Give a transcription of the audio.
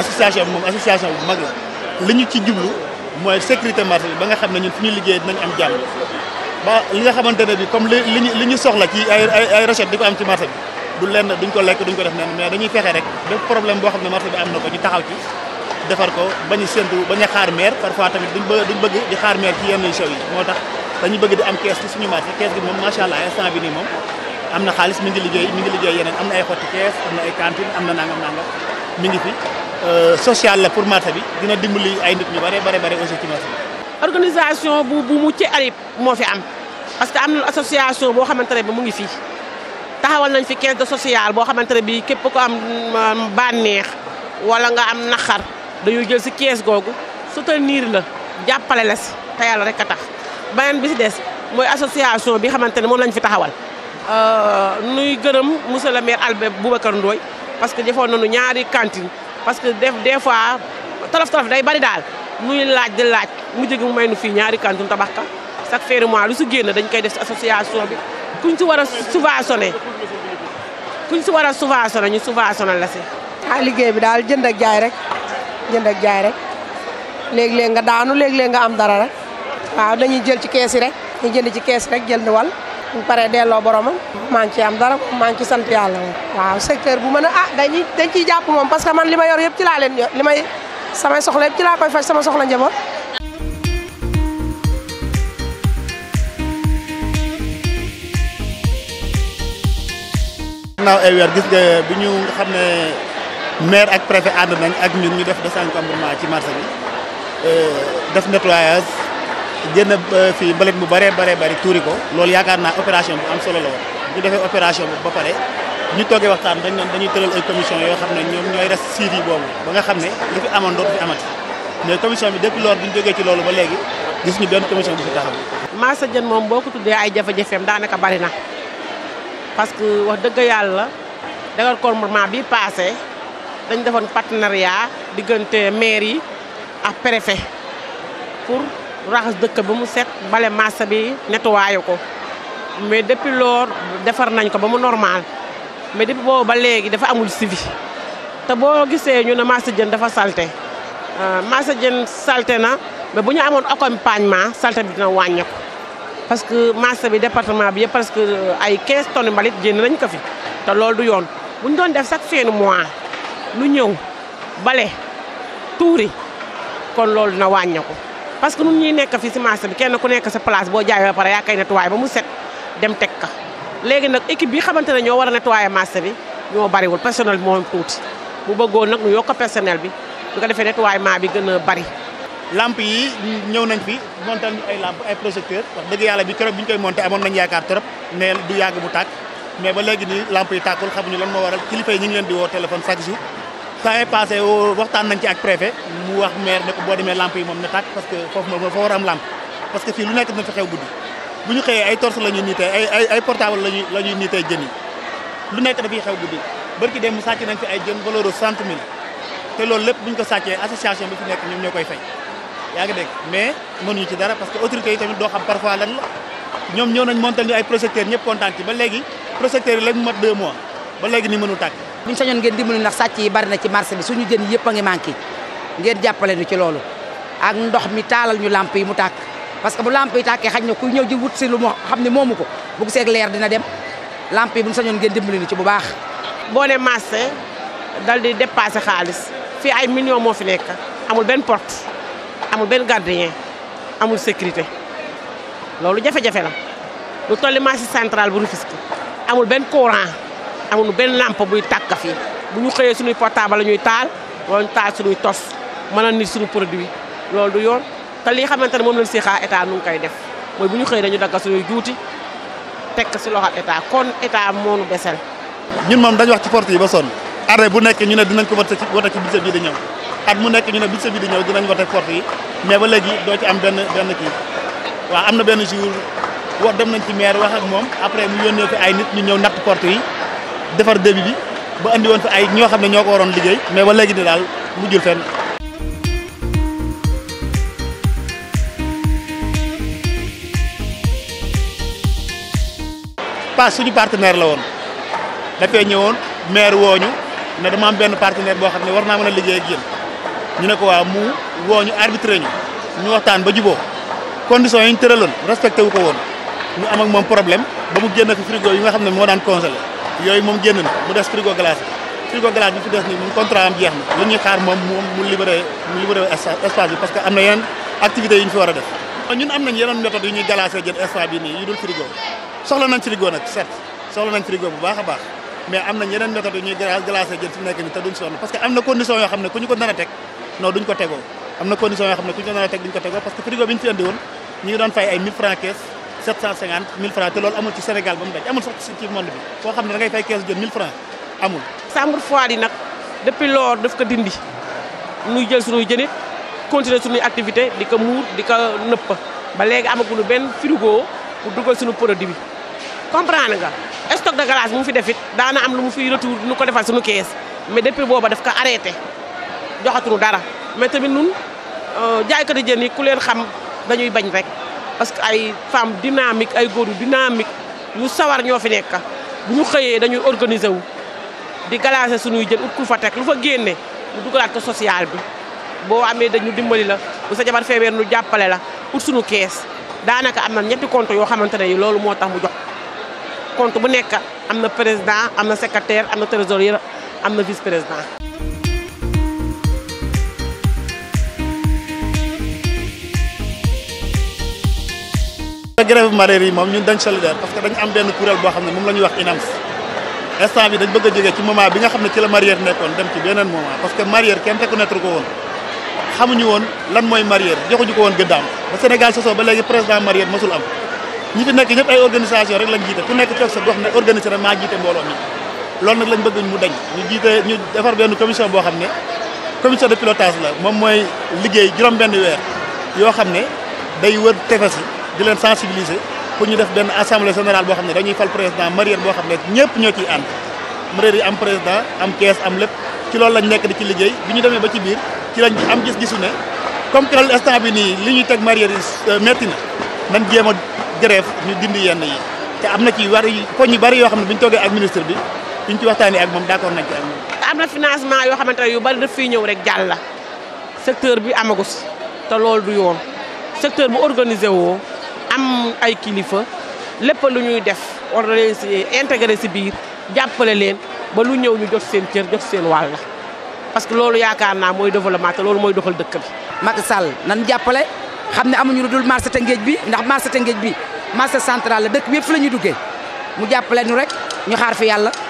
association bi moom association bu mag la li ñu ci jublu mooy sécurité marché bi ba nga xam ne ñun fi ñu liggéey dinañ am jàmm ba li nga xamante ne bi comme li li ñu soxla ci ay ay recette di ko am ci marché bi du lenn duñ ko lekk duñ ko def neen mais dañuy fexe rek bépp problème boo xam ne marché bi am na ko ñu taxaw ci defar ko bañu séntu bañ a xaar meer parfois tamit duñ duñ bëgg di xaar meer ci yenn show yi moo tax dañu bëgg di am kees ci suñu marché kees bi moom liggéey mi ngi liggéey yeneen am na ay mi ngi euh, social la pour marché bi dina dimbali ay nit ñu bare bare bare aussi ci marché organisation bu bu mucc ayib moo fi am parce que am na association boo xamante ne bi mu ngi fii taxawal nañ fi caisse de social boo xamante ne bi képp ko am bànneex wala nga am nakhar dañuy jël si caisse googu soutenir la jàppale la si te yàlla rek a tax beneen bi si des mooy association bi xamante ne moom lañ fi taxawal euh, nuy gërëm monsieur le maire Albert Boubacar Ndoye parce que defoon nañu ñaari cantine parce que def des fois tolof tolof day bari daal muy laaj di laaj mu gi mu may nu fii ñaari cantine tabax ka chaque fin de mois lu si génn dañu koy def si association bi ku kuñ si war a subventionné kuñ si war a subventionné ñu subventionné la si. ah liggéey bi daal jënd ak jaay rek jënd ak jaay rek léeg-léeg nga daanu léeg nga am dara rek waaw dañuy jël ci kees yi rek ñu jënd ci kees rek jël wal bu paree delloo boromam maa ngi am dara ci waaw secteur bu ah dañuy dañ ciy jàpp moom parce que man li yor yëpp ci laa leen yor li soxla yëpp ci koy sama soxla njaboot gannaaw ay weer gis nga bi ñu maire ak préfet ànd nañ ak ñun ñu def désencombrement ci marché bi euh, def nettoyage jënd euh, fii mbalit mu bëree bëree bëri tuuri ko loolu yaakaar naa opération bu am solo la woon ñu defee opération bu ba ñu toogee waxtaan dañ doon dañuy tëral ay commission yoo xam ne ñoom ñooy res suivi boobu ba nga xam ne li fi amoon dootu fi amati mais commission bi depuis loolu di ñu jógee ci loolu ba léegi gis ñu benn commission bu fi taxaw. Massa Diène moom boo ko tuddee ay jafe-jafeem daanaka bari na parce que wax dëgg yàlla dagal comportement bi passé dañ defoon partenariat diggante maire yi ak préfet raxas dëkk ba mu set bale marché bi nettoyé ko mais depuis loor defar nañ ko ba mu normal mais depuis boobu ba léegi dafa amul suivi te boo gisee ñu ne marché jën dafa salté euh, marché jën salte na mais bu ñu amoon accompagnement salté bi dina wàññeeku parce que marché bi département bi yëpp parce que euh, ay 15 tonnes mbalit génn nañ ko fi te loolu du yoon bu ñu doon def chaque fin mois lu ñëw bale tuuri kon loolu dina wàññeeku. parce que nun ñuy nekk fi si marché bi kenn ku nekk sa place boo jaayee ba pare yaa koy nettoyé ba mu set dem teg ka léegi nag équipe bi xamante ne ñoo war a nettoyé marché bi ñoo bariwul personnel bi moo tuuti bu bëggoon nag ñu yokk personnel bi bu ko defee nettoyement bi gën a bari. lamp yi ñëw nañ fi montal ñu bi keroog bi ñu nañ yaakaar trop mais du yàgg bu tàkk mais ba léegi nii lamp yi tàkkul xamuñu lan moo waral kilifa yi ñu ngi leen di woo téléphone chaque saa passé waxtaan nañ ci ak préfet mu wax maire ne ko bo demee lampe yi mom na tak parce que fofu moom fo war am lampe parce que fi lu nekk na fi xew guddi buñu ñu ay torche lañu nité ay ay ay portable lañu lañu nité niitee jën yi lu nekk dafay xew guddi barki dem mu sàcc nañ fi ay jën valeur de té lool lepp buñ ko sàccee association bi fi nekk ñom ñokoy fay yaa ngi dégg mais mënu ci dara parce que autorités yi tamit do xam parfois lan la ñom ñëw nañ montal ñu ay projecteurs ñepp contant ci ba légui projecteurs yi lañ mat 2 mois ba légui ni mënu tak buñ sañon ngeen dimbali nak sacc yi bari na ci marché bi suñu jeen yépp nga manki ngeen jappalé ñu ci loolu ak ndox mi talal ñu lampe yi mu tak parce que bu lampe yi tàkkee xagn na ku ñew ji wut ci lu mo xamni ne ko bu gisee dina dem lampe yi buñ sañon ngeen dimbali ñu ci bu baax bo né marché dal di dépasser xaaliss fi ay millions mo fi nek amul ben porte amul ben gardien amul sécurité loolu jafé jafé la lu tolli marché central bu fiski amul ben courant na benn lampe buy tàkk fii bu ñu xëyee suñuy portable la ñuy taal wala ñu taal tos mën a nit suñu loolu du yoon te li xamante ne moom lañ seexaa état nu ngi koy def mooy bu ñu xëyee dañu dagga suñuy juuti tekk si loxo état kon état moo nu desel ñun moom dañu wax porte yi ba sonn arrêt bu nekk ñu ne dinañ ko wote ci wote ci bi di ñëw at mu nekk ñu ne budget bi di ñëw dinañ wote porte yi mais ba léegi doo ci am benn benn kii waaw am na benn jour woo dem nañ ci maire wax ak moom après mu yónnee ko ay nit ñu ñëw natt porte yi defar début bi ba andi won fi ay ño xamne ne ñoo ko waroon liggéey mais ba legui ni dal mu jul fen pass suñu partenaire la won da fay ñëwoon maire woñu ne dama am ben partenaire bo xam warna mëna naa liggéey ak yeen ñu ne ko wa mu woñu arbitre ñu ñu waxtaan ba jubo condition yi ñu tëraloon respecté wu ko won ñu am ak mom problème ba mu génn ak frigo yi nga xam mo daan congelé yooyu moom génn mu des frigo glace frigo fi des nii moom contrat am jeex na lu ñuy xaar moom mu mu libéré mu bi parce que am na yeneen activités yu ñu fi war a def. ñun am nañ yeneen méthode ñuy galaasee jën espace bi nii yu dul frigo soxla nañ frigo nag certes soxla nañ frigo bu baax a baax mais am nañ yeneen méthode ñuy galaasee jën fi nekk nii te duñ sonn parce que am na condition yoo xam ne ku ñu ko nar a duñ ko tegoo am 750 francs te loolu amul ci Sénégal ba mu amul sax ci monde bi foo xam da ngay fay 15 francs amul. chambre froide depuis daf ko dindi nuy jël sunuy jënit continuer sunuy activité di ko di ba léegi amaguñu ben frigo pour dugal sunu produit bi comprendre nga stock de glace mu fi defit Dana am lu mu fi retour nu ko defal sunu caisse mais depuis booba daf ko arrêté joxatuñu dara mais tamit nun euh, jaaykati jën yi ku leen xam dañuy bañ rek parce que ay femmes dynamique ay góor yu dynamique sawar ñoo fi nekk bu ñu xëyee dañuy organiser wu di galasé suñuy jën ut ku fa teg lu fa génne ñu dugalaat ko social bi boo amee dañu dimbali la bu sa jabar feebar nu jàppale la ut suñu kees daanaka am na ñetti compte yoo xamante ne yi loolu moo tax mu jox compte bu nekk am na président am na secretaire am na trésorier am na vice président grève mareyeur yi moom ñun dañ solidaire parce que dañ am benn kuréel boo xam ne moom la ñuy wax INAMS instant bi dañ bëgg a jógee ci moment bi nga xam ne ci la mareyeur nekkoon dem ci beneen moment parce que kenn reconnaître ko woon xamuñu woon lan mooy mareyeur joxuñu ko woon gëddaam ba Sénégal sosoo ba léegi président mareyeur mosul am ñi fi nekk ñëpp ay organisation rek lañ jiite ku nekk toog sa gox ne organisé na maa jiite mbooloo mi loolu nag lañ benn commission boo yoo xam ne day wër tefes yi di leen sensibiliser pour ñu def benn assemblée générale boo xam ne dañuy fal président marière boo xam ne ñëpp ñoo ciy ànd marière yi am président am kees am lépp ci loolu lañ nekk di ci liggéey bi ñu demee ba ci biir ci lañ am gis-gisu ne comme que instant bi nii li ñuy teg marière yi euh, métti na nañ jéem a grève ñu dindi yenn yi te am na ci war poñ ñu bari yoo xam ne bi ñu toogee ak ministre bi bi ñu ci waxtaanee ak moom d'accord nañ ci ak moom te am na financement yoo xamante ne yu bari daf ñëw rek jàll la secteur bi amagus te loolu du yoon secteur bu organisé woo am ay kilifa lépp lu ñuy def war na leen si si biir jàppale leen ba lu ñëw ñu jot seen cër jot seen wàll parce que loolu yaakaar naa mooy développement loolu mooy doxal dëkk bi. Macky Sall nan jàppale xam ne amuñu lu dul marché Tëngéej bi ndax marché Tëngéej bi marché central la dëkk bi la ñu duggee mu jàppale ñu rek ñu xaar fi yàlla.